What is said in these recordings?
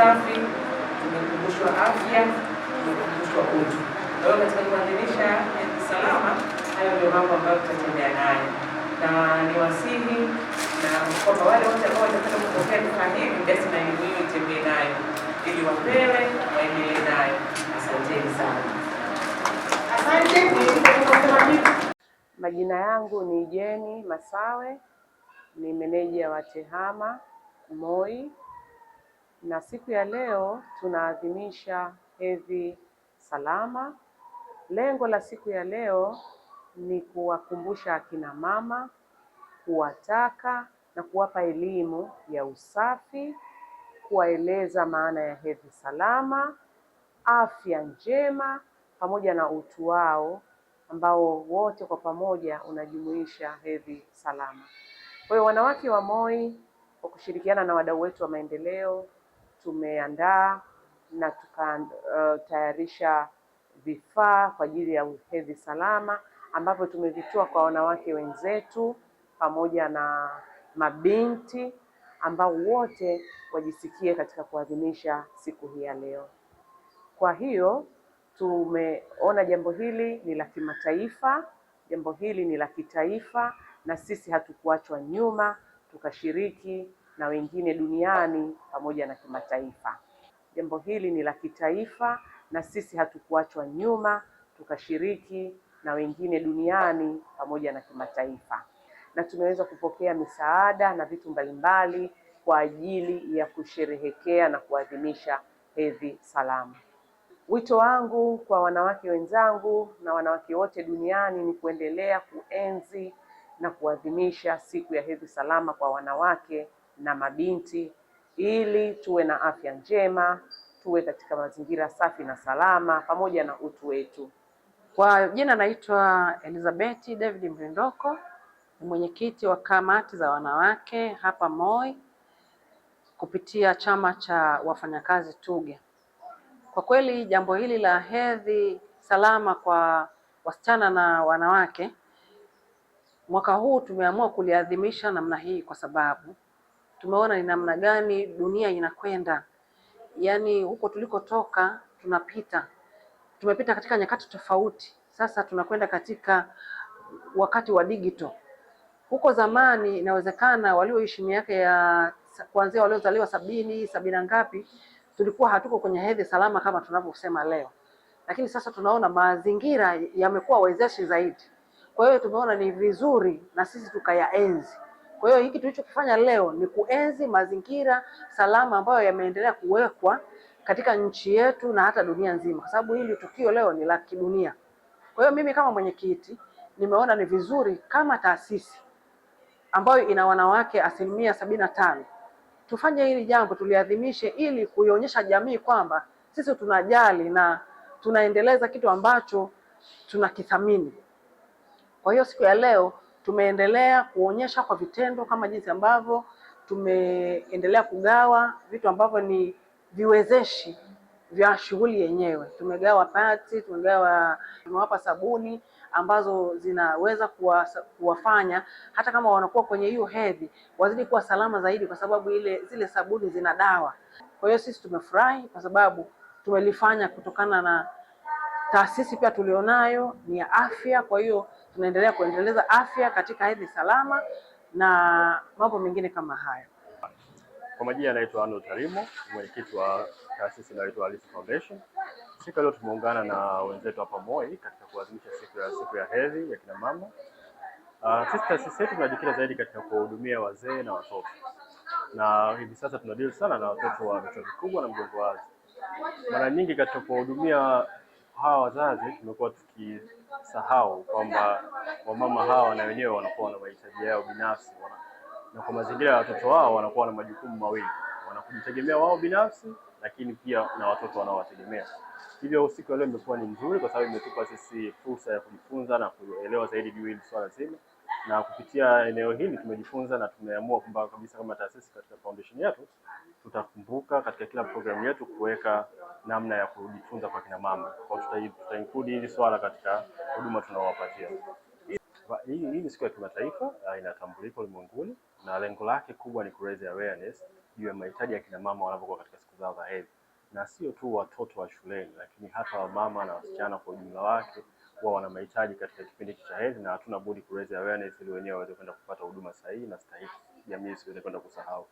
usafi, tumekumbushwa afya, tumekumbushwa utu. Kwa hiyo katika kuadhimisha hedhi salama, hayo ndio mambo ambayo tutatembea nayo, na ni wasihi na kwamba wale wote ambao wanataka kupokea vifaa hivi, basi na elimu hiyo itembee nayo ili wapewe waendelee nayo. Asanteni sana. Asante. Majina yangu ni Jeni Masawe, ni meneja wa TEHAMA MOI na siku ya leo tunaadhimisha hedhi salama. Lengo la siku ya leo ni kuwakumbusha akina mama, kuwataka na kuwapa elimu ya usafi, kuwaeleza maana ya hedhi salama, afya njema pamoja na utu wao ambao wote kwa pamoja unajumuisha hedhi salama. Kwa hiyo wanawake wa MOI kwa kushirikiana na wadau wetu wa maendeleo tumeandaa na tukatayarisha uh, vifaa kwa ajili ya hedhi salama ambavyo tumevitoa kwa wanawake wenzetu pamoja na mabinti ambao wote wajisikie katika kuadhimisha siku hii ya leo. Kwa hiyo tumeona jambo hili ni la kimataifa, jambo hili ni la kitaifa, na sisi hatukuachwa nyuma, tukashiriki na wengine duniani pamoja na kimataifa. Jambo hili ni la kitaifa na sisi hatukuachwa nyuma, tukashiriki na wengine duniani pamoja na kimataifa, na tumeweza kupokea misaada na vitu mbalimbali kwa ajili ya kusherehekea na kuadhimisha hedhi salama. Wito wangu kwa wanawake wenzangu na wanawake wote duniani ni kuendelea kuenzi na kuadhimisha siku ya hedhi salama kwa wanawake na mabinti ili tuwe na afya njema, tuwe katika mazingira safi na salama pamoja na utu wetu. Kwa jina naitwa Elizabeth David Mrindoko, ni mwenyekiti wa kamati za wanawake hapa MOI kupitia chama cha wafanyakazi TUGHE. Kwa kweli jambo hili la hedhi salama kwa wasichana na wanawake mwaka huu tumeamua kuliadhimisha namna hii kwa sababu tumeona ni namna gani dunia inakwenda, yaani huko tulikotoka tunapita, tumepita katika nyakati tofauti. Sasa tunakwenda katika wakati wa digital. Huko zamani inawezekana walioishi miaka ya kuanzia waliozaliwa sabini sabini na ngapi, tulikuwa hatuko kwenye hedhi salama kama tunavyosema leo, lakini sasa tunaona mazingira yamekuwa wezeshi zaidi. Kwa hiyo tumeona ni vizuri na sisi tukayaenzi. Kwa hiyo hiki tulichokifanya leo ni kuenzi mazingira salama ambayo yameendelea kuwekwa katika nchi yetu na hata dunia nzima, kwa sababu hili tukio leo ni la kidunia. Kwa hiyo mimi kama mwenyekiti nimeona ni vizuri kama taasisi ambayo ina wanawake asilimia sabini na tano tufanye hili jambo tuliadhimishe, ili kuionyesha jamii kwamba sisi tunajali na tunaendeleza kitu ambacho tunakithamini. Kwa hiyo siku ya leo tumeendelea kuonyesha kwa vitendo kama jinsi ambavyo tumeendelea kugawa vitu ambavyo ni viwezeshi vya shughuli yenyewe. Tumegawa pati, tumegawa, tumewapa sabuni ambazo zinaweza kuwa, kuwafanya hata kama wanakuwa kwenye hiyo hedhi wazidi kuwa salama zaidi, kwa sababu ile zile sabuni zina dawa. Kwa hiyo sisi tumefurahi kwa sababu tumelifanya kutokana na Taasisi pia tulionayo ni ya afya, kwa hiyo tunaendelea kuendeleza afya katika hedhi salama na mambo mengine kama hayo. Kwa majina yanaitwa Arnold Tarimo, mwenyekiti wa taasisi inayoitwa Alice Foundation. Siku leo tumeungana na wenzetu hapa MOI katika kuadhimisha siku ya siku ya hedhi ya kina mama. Uh, sisi taasisi yetu tunajikita zaidi katika kuwahudumia wazee na watoto, na hivi sasa tunadeal sana na watoto wa vichwa vikubwa na mgongo wazi. Mara nyingi katika kuwahudumia hawa wazazi tumekuwa tukisahau kwamba wamama hawa na wenyewe wanakuwa na mahitaji yao binafsi, na kwa mazingira ya watoto wao wanakuwa na majukumu mawili, wanakujitegemea wao binafsi, lakini pia na watoto wanaowategemea. Hivyo usiku wa leo imekuwa ni mzuri, kwa sababu imetupa sisi fursa ya kujifunza na kuelewa zaidi juu hili swala zima na kupitia eneo hili tumejifunza na tumeamua kwamba kabisa kama taasisi katika foundation yetu tutakumbuka katika kila programu yetu kuweka namna ya kujifunza kwa kina mama, kwa tuta include hili swala katika huduma tunaowapatia. Hii ni siku ya kimataifa ah, inatambulika ulimwenguni, na lengo lake kubwa ni kuraise awareness juu ya mahitaji ya kina mama wanapokuwa katika siku zao za hedhi, na sio tu watoto wa shuleni, lakini hata wamama na wasichana kwa ujumla wake kuwa wana mahitaji katika kipindi cha hedhi, na hatuna budi ku raise awareness ili wenyewe waweze kwenda kupata huduma sahihi na stahiki, jamii isiweze kwenda kusahau.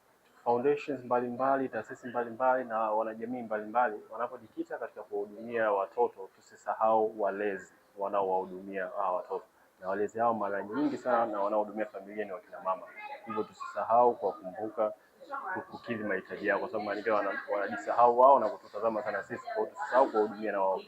Foundations mbalimbali, taasisi mbalimbali na wanajamii mbalimbali wanapojikita katika kuwahudumia watoto, tusisahau walezi wanaowahudumia hawa watoto na walezi hao mara nyingi sana na wanaohudumia familia ni wakina mama, hivyo tusisahau kuwakumbuka kukidhi mahitaji yao, kwa sababu maana wanajisahau wao na kututazama sana sisi. Kwa hiyo tusisahau kuwahudumia na wao.